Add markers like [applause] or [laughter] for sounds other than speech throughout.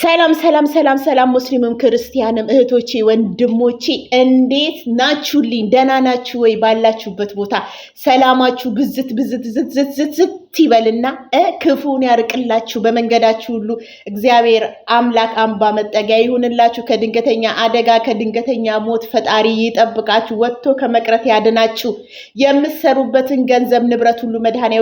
ሰላም ሰላም ሰላም ሰላም ሙስሊምም ክርስቲያንም እህቶቼ ወንድሞቼ እንዴት ናችሁልኝ? ደህና ናችሁ ወይ? ባላችሁበት ቦታ ሰላማችሁ ብዝት ብዝት ዝት ዝት ዝት ይበልና ክፉን ያርቅላችሁ በመንገዳችሁ ሁሉ እግዚአብሔር አምላክ አምባ መጠጊያ ይሁንላችሁ። ከድንገተኛ አደጋ ከድንገተኛ ሞት ፈጣሪ ይጠብቃችሁ፣ ወጥቶ ከመቅረት ያድናችሁ። የምትሰሩበትን ገንዘብ ንብረት ሁሉ መድኃኔ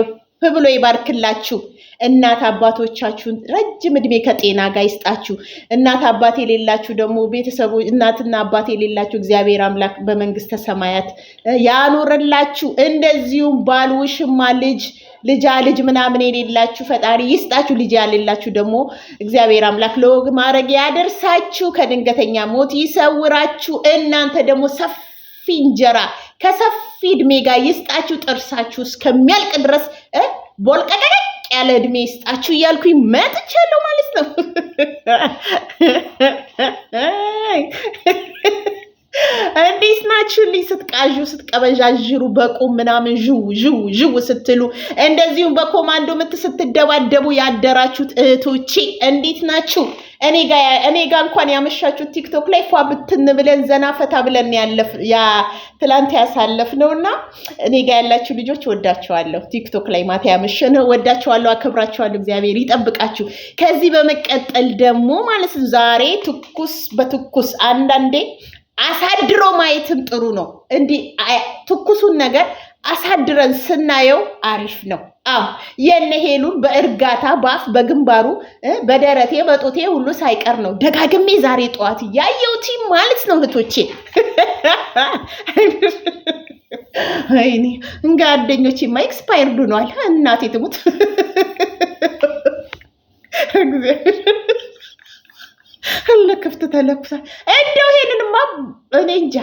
ብሎ ይባርክላችሁ። እናት አባቶቻችሁን ረጅም እድሜ ከጤና ጋር ይስጣችሁ። እናት አባት የሌላችሁ ደግሞ ቤተሰቡ እናትና አባት የሌላችሁ እግዚአብሔር አምላክ በመንግስተ ሰማያት ያኑርላችሁ። እንደዚሁም ባል፣ ውሽማ፣ ልጅ ልጃ ልጅ ምናምን የሌላችሁ ፈጣሪ ይስጣችሁ። ልጅ ያሌላችሁ ደግሞ እግዚአብሔር አምላክ ለወግ ማድረግ ያደርሳችሁ፣ ከድንገተኛ ሞት ይሰውራችሁ። እናንተ ደግሞ ሰፊ እንጀራ ከሰፊ እድሜ ጋር ይስጣችሁ፣ ጥርሳችሁ እስከሚያልቅ ድረስ ቦልቀቀቅ ያለ እድሜ ይስጣችሁ እያልኩኝ መጥቻለሁ ማለት ነው። ሆናችሁልኝ ስትቃዡ ስትቀበዣዥሩ በቁም ምናምን ዥው ዥው ዥው ስትሉ እንደዚሁም በኮማንዶ ምት ስትደባደቡ ያደራችሁት እህቶቼ እንዴት ናችሁ? እኔ ጋ እንኳን ያመሻችሁት ቲክቶክ ላይ ፏ ብትን ብለን ዘና ፈታ ብለን ያለፍ ያ ትላንት ያሳለፍነውና እኔ ጋ ያላችሁ ልጆች ወዳችኋለሁ። ቲክቶክ ላይ ማታ ነው ወዳችኋለሁ፣ አክብራችኋለሁ። እግዚአብሔር ይጠብቃችሁ። ከዚህ በመቀጠል ደግሞ ማለት ዛሬ ትኩስ በትኩስ አንዳንዴ አሳድ ማየትም ጥሩ ነው። እንዲህ ትኩሱን ነገር አሳድረን ስናየው አሪፍ ነው። አዎ የነ ሄሉን በእርጋታ በአፍ በግንባሩ በደረቴ በጡቴ ሁሉ ሳይቀር ነው ደጋግሜ ዛሬ ጠዋት ያየሁት ማለት ነው። እህቶቼ ወይኔ ጓደኞቼማ ኤክስፓየርድ ሆኗል። እናቴ ትሙት እግዚአብሔር እለ ክፍት ተለኩሳ እንደው ይሄንንማ እኔ እንጃ።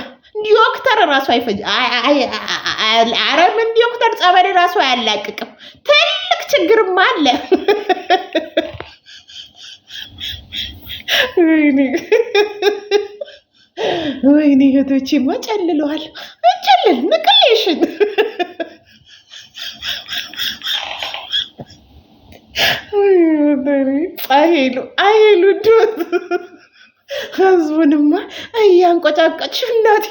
ዶክተር ራሱ አይፈጅ አረምን ዶክተር ጸበል ራሱ አያላቅቅም። ትልቅ ችግርማ አለ። ወይኔ እህቶቼማ ጨልለዋል። ጨልል ንቅሌሽን አይሉ አይሉ ዶት ህዝቡንማ እያንቆጫቀች እናቴ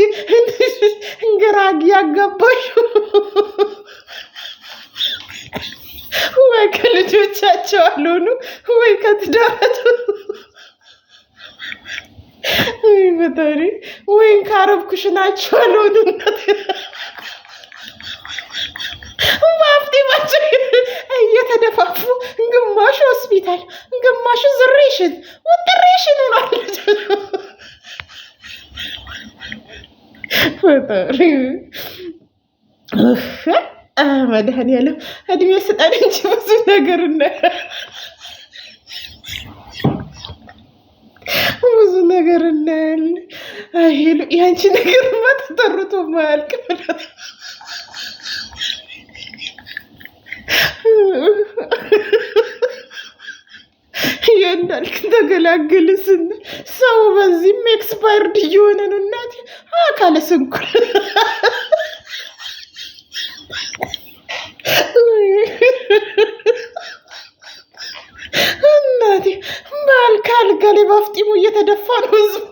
እንግራ ያጋባሽ ወይ ከልጆቻቸው አልሆኑ ወይ ከትዳራቸው ወይ በተሪ ወይም ከአረብ ኩሽናቸው አልሆኑ እናቴ ጢማቸው እየተደፋፉ ግማሹ ሆስፒታል፣ ግማሹ ዝሬሽን ውጥሬሽን ሆኗል። መድኃኒዓለም እድሜ ስጠን እንጂ ብዙ ነገር ብዙ ነገር እናያለን። ይሄ ያንቺ ነገር ተጠርቶ ማያልቅ የእንዳልክ ተገላገለ ስንል ሰው በዚህም ኤክስፓየርድ እየሆነ ነው። እናቴ አካለ ስንኩል እናቴ ባልካ አልጋ ላይ ባፍጢሙ እየተደፋ ነው ህዝቡ።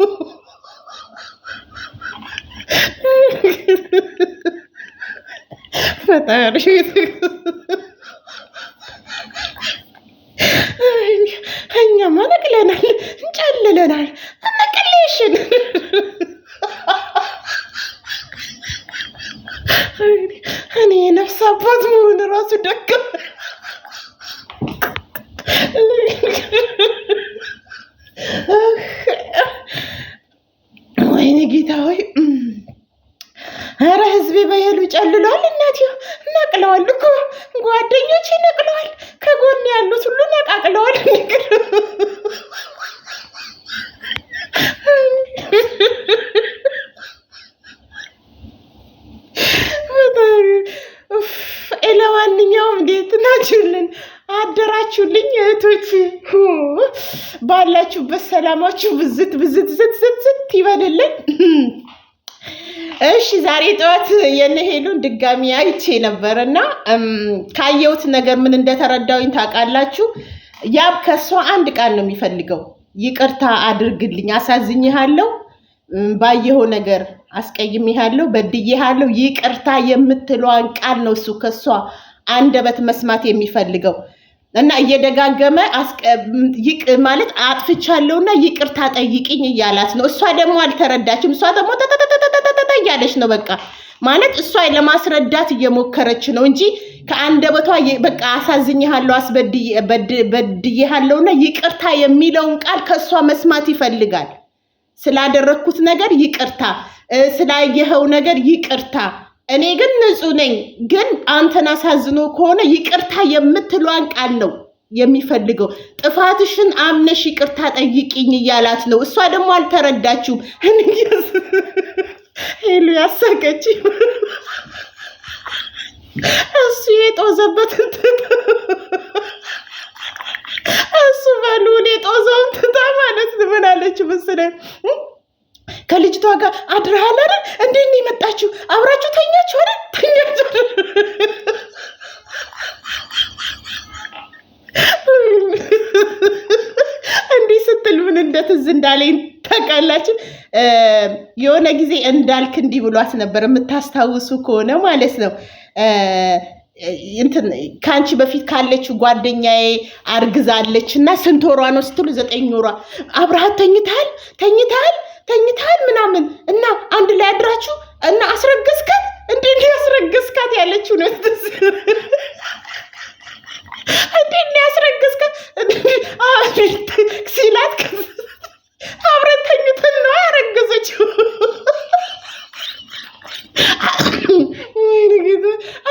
ፈጣሪ እህቶች ባላችሁበት ሰላማችሁ ብዝት ብዝት ዝት ዝት ይበልልን። እሺ ዛሬ ጠዋት የነ ሄሉን ድጋሚ አይቼ ነበር እና ካየሁት ነገር ምን እንደተረዳውኝ ታውቃላችሁ? ያብ ከሷ አንድ ቃል ነው የሚፈልገው፣ ይቅርታ አድርግልኝ፣ አሳዝኝሃለሁ፣ ባየኸው ነገር አስቀይሜሃለሁ፣ በድዬሃለሁ፣ ይቅርታ የምትለዋን ቃል ነው እሱ ከሷ አንደበት መስማት የሚፈልገው። እና እየደጋገመ ማለት እና ይቅርታ ጠይቅኝ እያላት ነው። እሷ ደግሞ አልተረዳችም። እሷ ደግሞ ተተተተተተተ እያለች ነው። በቃ ማለት እሷ ለማስረዳት እየሞከረች ነው እንጂ ከአንደበቷ በቃ አሳዝኜሃለሁ፣ አስበድዬሃለሁና ይቅርታ የሚለውን ቃል ከእሷ መስማት ይፈልጋል። ስላደረግኩት ነገር ይቅርታ፣ ስላየኸው ነገር ይቅርታ እኔ ግን ንጹህ ነኝ። ግን አንተን አሳዝኖ ከሆነ ይቅርታ የምትሏን ቃል ነው የሚፈልገው። ጥፋትሽን አምነሽ ይቅርታ ጠይቂኝ እያላት ነው። እሷ ደግሞ አልተረዳችሁም። ሄሉ ያሳቀች እሱ የጦዘበት እሱ በሉን የጦዘውን ትታ ማለት ምን አለች መሰለህ ከልጅቷ ጋር አድረሃል አይደል? እንዴት ነው የመጣችሁ? አብራችሁ ተኛችሁ አይደል? ተኛችሁ እንዲህ ስትል ምን እንደትዝ እንዳለኝ ታውቃላችሁ? የሆነ ጊዜ እንዳልክ እንዲህ ብሏት ነበር፣ የምታስታውሱ ከሆነ ማለት ነው። እንትን ከአንቺ በፊት ካለችው ጓደኛዬ አርግዛለች እና ስንት ወሯ ነው ስትሉ፣ ዘጠኝ ወሯ። አብረሃት ተኝታል ተኝታል ተኝታል ምናምን እና አንድ ላይ አድራችሁ እና አስረገዝካት እንዴ ያስረገዝካት ያለችው ነው እንዴ ያስረገዝካት ሲላት አብረን ተኝተን ነው ያረገዘችው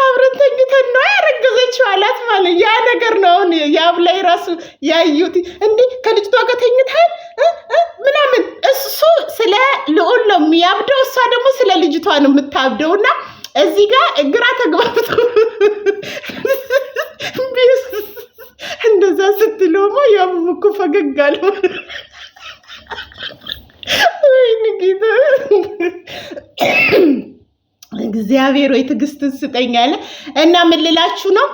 አብረን ተኝተን ነው ያረገዘችው አላት ማለት ያ ነገር ነው አሁን ያብ ላይ ራሱ ያዩት አብደውና እዚህ ጋር ግራ ተግባብቶ እንደዛ ስትለሞ ያቡቡ እኮ ፈገግ አለ። ወይኔ ጌታ እግዚአብሔር ወይ ትዕግስትን ስጠኝ አለ እና ምልላችሁ ነው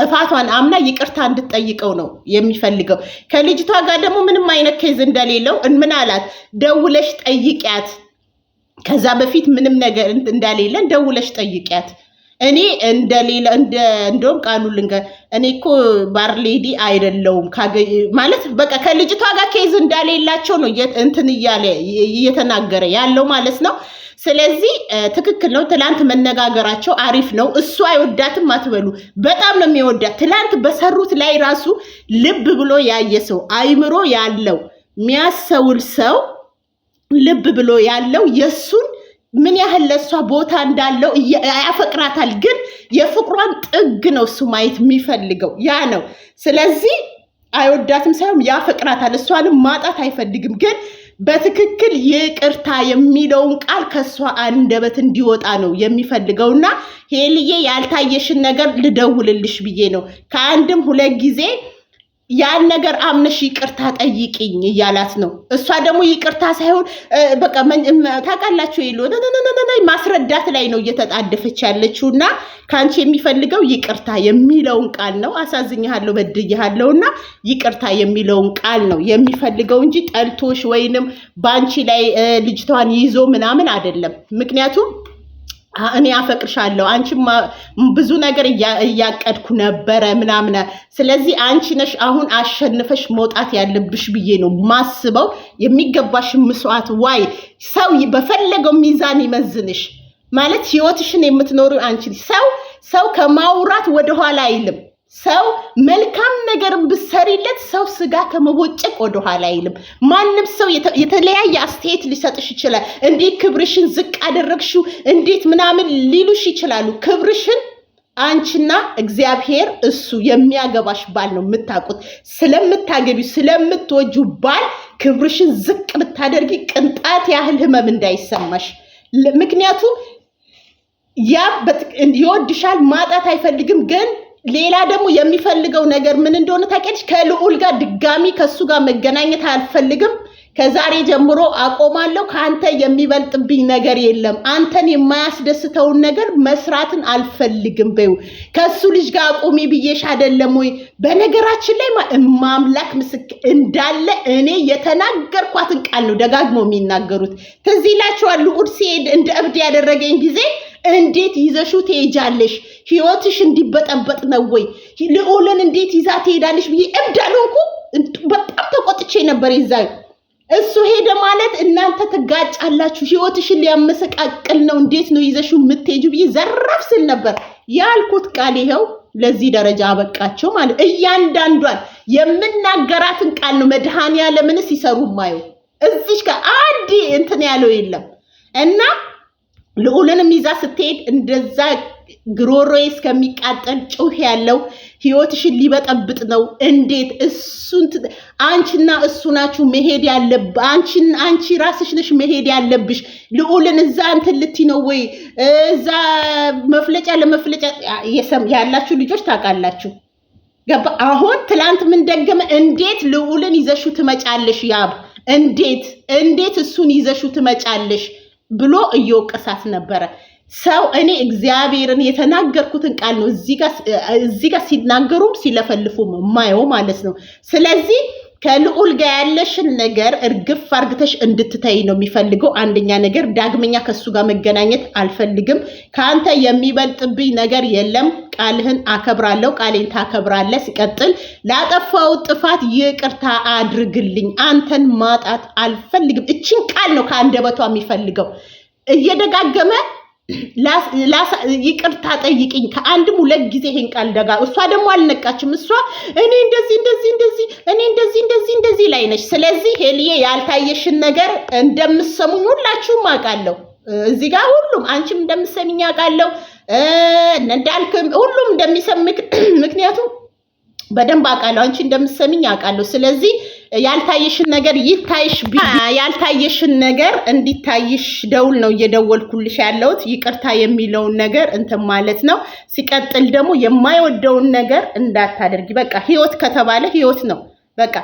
ጥፋቷን አምና ይቅርታ እንድትጠይቀው ነው የሚፈልገው። ከልጅቷ ጋር ደግሞ ምንም አይነት ኬዝ እንደሌለው ምን አላት ደውለሽ ጠይቂያት ከዛ በፊት ምንም ነገር እንደሌለን ደውለሽ ጠይቂያት። እኔ እንደሌለ እንደውም ቃሉ ልንገር፣ እኔ እኮ ሌዲ አይደለውም ማለት በቃ ከልጅቷ ጋር ኬዝ እንዳሌላቸው ነው እንትን እያለ እየተናገረ ያለው ማለት ነው። ስለዚህ ትክክል ነው። ትላንት መነጋገራቸው አሪፍ ነው። እሱ አይወዳትም አትበሉ፣ በጣም ነው የሚወዳት። ትላንት በሰሩት ላይ ራሱ ልብ ብሎ ያየ ሰው አይምሮ ያለው የሚያሰውል ሰው ልብ ብሎ ያለው የእሱን ምን ያህል ለእሷ ቦታ እንዳለው ያፈቅራታል፣ ግን የፍቅሯን ጥግ ነው እሱ ማየት የሚፈልገው ያ ነው። ስለዚህ አይወዳትም ሳይሆን ያፈቅራታል። እሷንም ማጣት አይፈልግም፣ ግን በትክክል ይቅርታ የሚለውን ቃል ከእሷ አንደበት እንዲወጣ ነው እና ሄልዬ ያልታየሽን ነገር ልደውልልሽ ብዬ ነው ከአንድም ሁለት ጊዜ ያን ነገር አምነሽ ይቅርታ ጠይቅኝ እያላት ነው። እሷ ደግሞ ይቅርታ ሳይሆን በቃ ታውቃላችሁ የሉ ማስረዳት ላይ ነው እየተጣደፈች ያለችው እና ከአንቺ የሚፈልገው ይቅርታ የሚለውን ቃል ነው። አሳዝኛለሁ፣ በድያለሁ እና ይቅርታ የሚለውን ቃል ነው የሚፈልገው እንጂ ጠልቶሽ ወይንም በአንቺ ላይ ልጅቷን ይዞ ምናምን አይደለም። ምክንያቱም እኔ አፈቅርሻለሁ አንቺ ብዙ ነገር እያቀድኩ ነበረ ምናምን፣ ስለዚህ አንቺ ነሽ አሁን አሸንፈሽ መውጣት ያለብሽ ብዬ ነው ማስበው። የሚገባሽ ምስዋዕት ዋይ ሰው በፈለገው ሚዛን ይመዝንሽ ማለት ህይወትሽን የምትኖሩ አንቺ ሰው ሰው ከማውራት ወደኋላ አይልም። ሰው መልካም ነገር ብሰሪለት ሰው ስጋ ከመቦጨቅ ወደኋላ አይልም። ማንም ሰው የተለያየ አስተያየት ሊሰጥሽ ይችላል። እንዴት ክብርሽን ዝቅ አደረግሽው፣ እንዴት ምናምን ሊሉሽ ይችላሉ። ክብርሽን አንቺና እግዚአብሔር እሱ የሚያገባሽ ባል ነው የምታውቁት። ስለምታገቢ ስለምትወጁ ባል ክብርሽን ዝቅ ብታደርጊ ቅንጣት ያህል ህመም እንዳይሰማሽ ምክንያቱም ያ ይወድሻል። ማጣት አይፈልግም ግን ሌላ ደግሞ የሚፈልገው ነገር ምን እንደሆነ ታውቂያለሽ? ከልዑል ጋር ድጋሚ ከሱ ጋር መገናኘት አልፈልግም። ከዛሬ ጀምሮ አቆማለሁ። ከአንተ የሚበልጥብኝ ነገር የለም። አንተን የማያስደስተውን ነገር መስራትን አልፈልግም። በይው ከሱ ልጅ ጋር አቁሚ ብዬሽ አይደለም ወይ? በነገራችን ላይ ማምላክ ምስክ እንዳለ እኔ የተናገርኳትን ቃል ነው ደጋግሞ የሚናገሩት። ትዝ ይላችኋል ልዑል ሲሄድ እንደ እብድ ያደረገኝ ጊዜ እንዴት ይዘሹ ትሄጃለሽ? ህይወትሽ እንዲበጠበጥ ነው ወይ? ልዑልን እንዴት ይዛ ትሄዳለሽ ብዬ እብድ በጣም ተቆጥቼ ነበር ይዛ እሱ ሄደ ማለት እናንተ ትጋጫላችሁ፣ ህይወትሽን ሊያመሰቃቅል ነው። እንዴት ነው ይዘሹ የምትሄጁ ብዬ ዘራፍ ስል ነበር ያልኩት ቃል ይኸው ለዚህ ደረጃ አበቃቸው ማለት እያንዳንዷን የምናገራትን ቃል ነው መድኃኒያ ለምንስ ይሰሩ ማየው እዚች ጋር አንድ እንትን ያለው የለም እና ልዑልንም ይዛ ስትሄድ እንደዛ ግሮሮ እስከሚቃጠል ጩህ ያለው ህይወትሽን ሊበጠብጥ ነው። እንዴት እሱን አንቺና እሱ ናችሁ መሄድ ያለብ አንቺ ራስሽ ነሽ መሄድ ያለብሽ። ልዑልን እዛ እንትን ልትይ ነው ወይ እዛ መፍለጫ ለመፍለጫ ያላችሁ ልጆች ታውቃላችሁ። ገባ አሁን ትላንት ምን ደገመ? እንዴት ልዑልን ይዘሹ ትመጫለሽ? ያብ እንዴት እንዴት እሱን ይዘሹ ትመጫለሽ? ብሎ እየወቀሳት ነበረ። ሰው እኔ እግዚአብሔርን የተናገርኩትን ቃል ነው እዚህ ጋር ሲናገሩም ሲለፈልፉም ማየው ማለት ነው። ስለዚህ ከልዑል ጋር ያለሽን ነገር እርግፍ አርግተሽ እንድትተይ ነው የሚፈልገው። አንደኛ ነገር ዳግመኛ ከሱ ጋር መገናኘት አልፈልግም። ከአንተ የሚበልጥብኝ ነገር የለም። ቃልህን አከብራለሁ፣ ቃሌን ታከብራለህ። ሲቀጥል ላጠፋው ጥፋት ይቅርታ አድርግልኝ። አንተን ማጣት አልፈልግም። እችን ቃል ነው ከአንደበቷ የሚፈልገው እየደጋገመ ይቅርታ ጠይቅኝ ከአንድም ሁለት ጊዜ ይሄን ቃል ደጋ እሷ ደግሞ አልነቃችም። እሷ እኔ እንደዚህ እንደዚህ እንደዚህ እኔ እንደዚህ እንደዚህ እንደዚህ ላይ ነች። ስለዚህ ሄልዬ ያልታየሽን ነገር እንደምሰሙኝ ሁላችሁም አውቃለሁ። እዚህ ጋር ሁሉም አንቺም እንደምሰሚኝ አውቃለሁ። እንዳልክም ሁሉም እንደሚሰምክ [clears throat] ምክንያቱም በደንብ አውቃለሁ። አንቺ እንደምትሰሚኝ አውቃለሁ። ስለዚህ ያልታየሽን ነገር ይታይሽ፣ ያልታየሽን ነገር እንዲታይሽ ደውል ነው እየደወልኩልሽ ያለሁት። ይቅርታ የሚለውን ነገር እንትን ማለት ነው። ሲቀጥል ደግሞ የማይወደውን ነገር እንዳታደርጊ። በቃ ህይወት ከተባለ ህይወት ነው። በቃ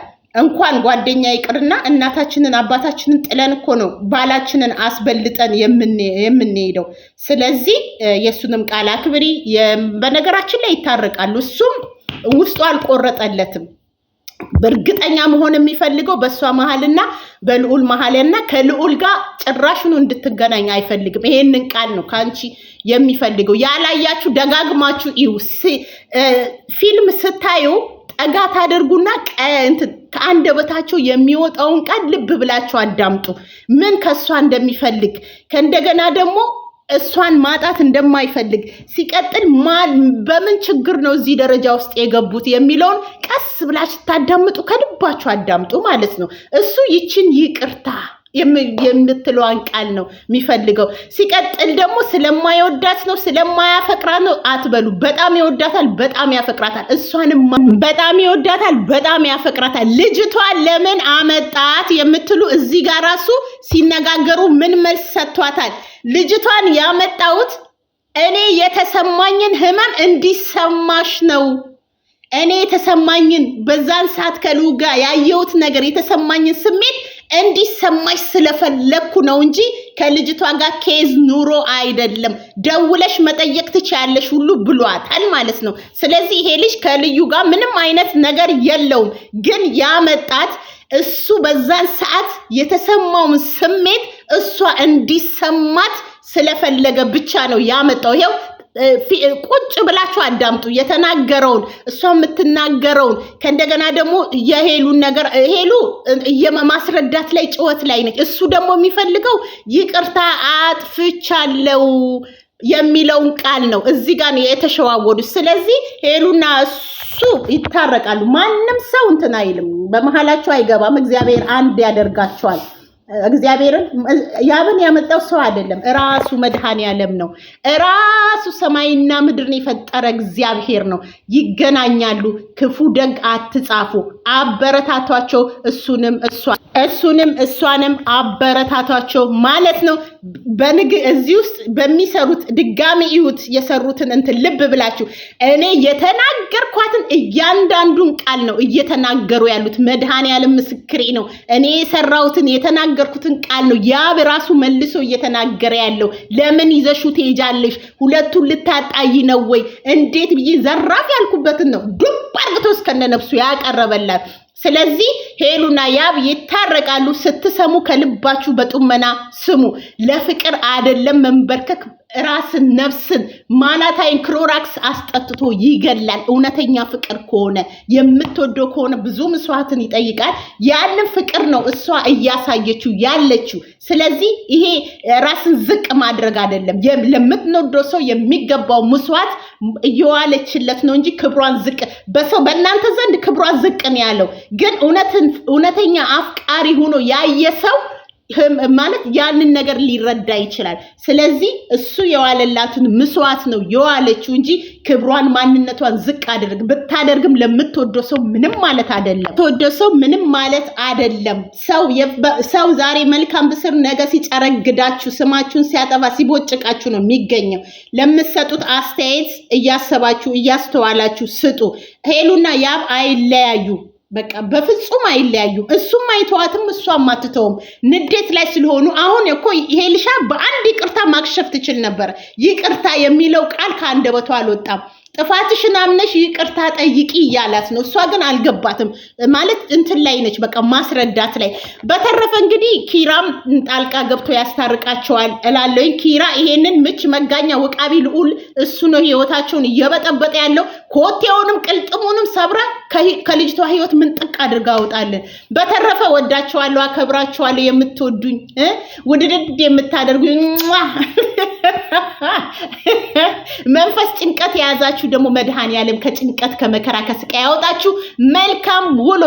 እንኳን ጓደኛ ይቅርና እናታችንን አባታችንን ጥለን እኮ ነው ባላችንን አስበልጠን የምንሄደው። ስለዚህ የእሱንም ቃል አክብሪ። በነገራችን ላይ ይታረቃሉ እሱም ውስጡ አልቆረጠለትም። በእርግጠኛ መሆን የሚፈልገው በእሷ መሀልና በልዑል መሀልና ከልዑል ጋር ጭራሽኑ እንድትገናኝ አይፈልግም። ይሄንን ቃል ነው ከአንቺ የሚፈልገው። ያላያችሁ ደጋግማችሁ ይዩ። ፊልም ስታዩ ጠጋ ታደርጉና ከአንደበታቸው የሚወጣውን ቃል ልብ ብላችሁ አዳምጡ፣ ምን ከእሷ እንደሚፈልግ ከእንደገና ደግሞ እሷን ማጣት እንደማይፈልግ ሲቀጥል፣ በምን ችግር ነው እዚህ ደረጃ ውስጥ የገቡት የሚለውን ቀስ ብላች ታዳምጡ፣ ከልባችሁ አዳምጡ ማለት ነው። እሱ ይችን ይቅርታ የምትለዋን ቃል ነው የሚፈልገው። ሲቀጥል ደግሞ ስለማይወዳት ነው ስለማያፈቅራት ነው አትበሉ። በጣም ይወዳታል፣ በጣም ያፈቅራታል። እሷንም በጣም ይወዳታል፣ በጣም ያፈቅራታል። ልጅቷ ለምን አመጣት የምትሉ እዚህ ጋር ራሱ ሲነጋገሩ ምን መልስ ሰጥቷታል? ልጅቷን ያመጣሁት እኔ የተሰማኝን ህመም እንዲሰማሽ ነው እኔ የተሰማኝን በዛን ሰዓት ከልዑል ጋር ያየሁት ነገር የተሰማኝን ስሜት እንዲሰማሽ ስለፈለግኩ ነው እንጂ ከልጅቷ ጋር ኬዝ ኑሮ አይደለም። ደውለሽ መጠየቅ ትችያለሽ ሁሉ ብሏታል ማለት ነው። ስለዚህ ይሄ ልጅ ከልዩ ጋር ምንም አይነት ነገር የለውም። ግን ያመጣት እሱ በዛን ሰዓት የተሰማውን ስሜት እሷ እንዲሰማት ስለፈለገ ብቻ ነው ያመጣው። ይሄው ቁጭ ብላችሁ አዳምጡ። የተናገረውን እሷ የምትናገረውን ከእንደገና ደግሞ የሄሉን ነገር ሄሉ ማስረዳት ላይ ጭወት ላይ ነች። እሱ ደግሞ የሚፈልገው ይቅርታ አጥፍቻለው የሚለውን ቃል ነው። እዚህ ጋር ነው የተሸዋወዱት። ስለዚህ ሄሉና እሱ ይታረቃሉ። ማንም ሰው እንትን አይልም፣ በመሀላቸው አይገባም። እግዚአብሔር አንድ ያደርጋቸዋል። እግዚአብሔርን ያብን ያመጣው ሰው አይደለም፣ እራሱ መድኃኔዓለም ነው። እራሱ ሰማይና ምድርን የፈጠረ እግዚአብሔር ነው። ይገናኛሉ። ክፉ ደግ አትጻፉ። አበረታቷቸው፣ እሱንም እሱንም እሷንም አበረታቷቸው ማለት ነው። በንግ እዚህ ውስጥ በሚሰሩት ድጋሚ እዩት፣ የሰሩትን እንትን ልብ ብላችሁ እኔ የተናገርኳትን እያንዳንዱን ቃል ነው እየተናገሩ ያሉት። መድኃኔዓለም ምስክሬ ነው። እኔ የሰራሁትን የተናገ የተናገርኩትን ቃል ነው ያ ራሱ መልሶ እየተናገረ ያለው። ለምን ይዘሹ ትሄጃለሽ? ሁለቱን ልታጣይ ነው ወይ? እንዴት ብዬ ዘራፍ ያልኩበትን ነው ዱብ አርግቶ እስከነ ነፍሱ ያቀረበላት። ስለዚህ ሄሉና ያብ ይታረቃሉ። ስትሰሙ ከልባችሁ በጡመና ስሙ። ለፍቅር አይደለም መንበርከክ ራስን ነፍስን ማናታይን ክሎራክስ አስጠጥቶ ይገላል። እውነተኛ ፍቅር ከሆነ የምትወደው ከሆነ ብዙ ምስዋዕትን ይጠይቃል። ያንን ፍቅር ነው እሷ እያሳየችው ያለችው። ስለዚህ ይሄ ራስን ዝቅ ማድረግ አይደለም። ለምትወደው ሰው የሚገባው ምስዋት እየዋለችለት ነው እንጂ ክብሯን ዝቅ በሰው በእናንተ ዘንድ ክብሯን ዝቅ ነው ያለው። ግን እውነተኛ አፍቃሪ ሆኖ ያየ ሰው ማለት ያንን ነገር ሊረዳ ይችላል። ስለዚህ እሱ የዋለላትን ምስዋት ነው የዋለችው እንጂ ክብሯን ማንነቷን ዝቅ አድርግ ብታደርግም ለምትወደው ሰው ምንም ማለት አደለም። ተወደው ሰው ምንም ማለት አይደለም። ሰው ዛሬ መልካም ብስር ነገ ሲጨረግዳችሁ፣ ስማችሁን ሲያጠፋ ሲቦጭቃችሁ ነው የሚገኘው። ለምትሰጡት አስተያየት እያሰባችሁ እያስተዋላችሁ ስጡ። ሄሉና ያብ አይለያዩ። በቃ በፍጹም አይለያዩም። እሱም አይተዋትም፣ እሷም አትተውም። ንዴት ላይ ስለሆኑ አሁን እኮ ይሄ ልሻ በአንድ ይቅርታ ማክሸፍ ትችል ነበር። ይቅርታ የሚለው ቃል ከአንደበቷ አልወጣም። ጥፋትሽን አምነሽ ይቅርታ ጠይቂ እያላት ነው። እሷ ግን አልገባትም ማለት እንትን ላይ ነች፣ በቃ ማስረዳት ላይ። በተረፈ እንግዲህ ኪራም ጣልቃ ገብቶ ያስታርቃቸዋል እላለኝ። ኪራ ይሄንን ምች መጋኛ ውቃቢ ልዑል እሱ ነው ህይወታቸውን እየበጠበጠ ያለው። ኮቴውንም ቅልጥሙንም ሰብራ ከልጅቷ ህይወት ምንጥቅ አድርጋ አውጣለን። በተረፈ ወዳቸዋለሁ፣ አከብራቸዋለሁ። የምትወዱኝ ውድድድ የምታደርጉኝ [laughs] መንፈስ ጭንቀት የያዛችሁ ያላችሁ ደግሞ መድኃኔ ከጭንቀት ከመከራ ከስቃይ ያወጣችሁ። መልካም ውሎ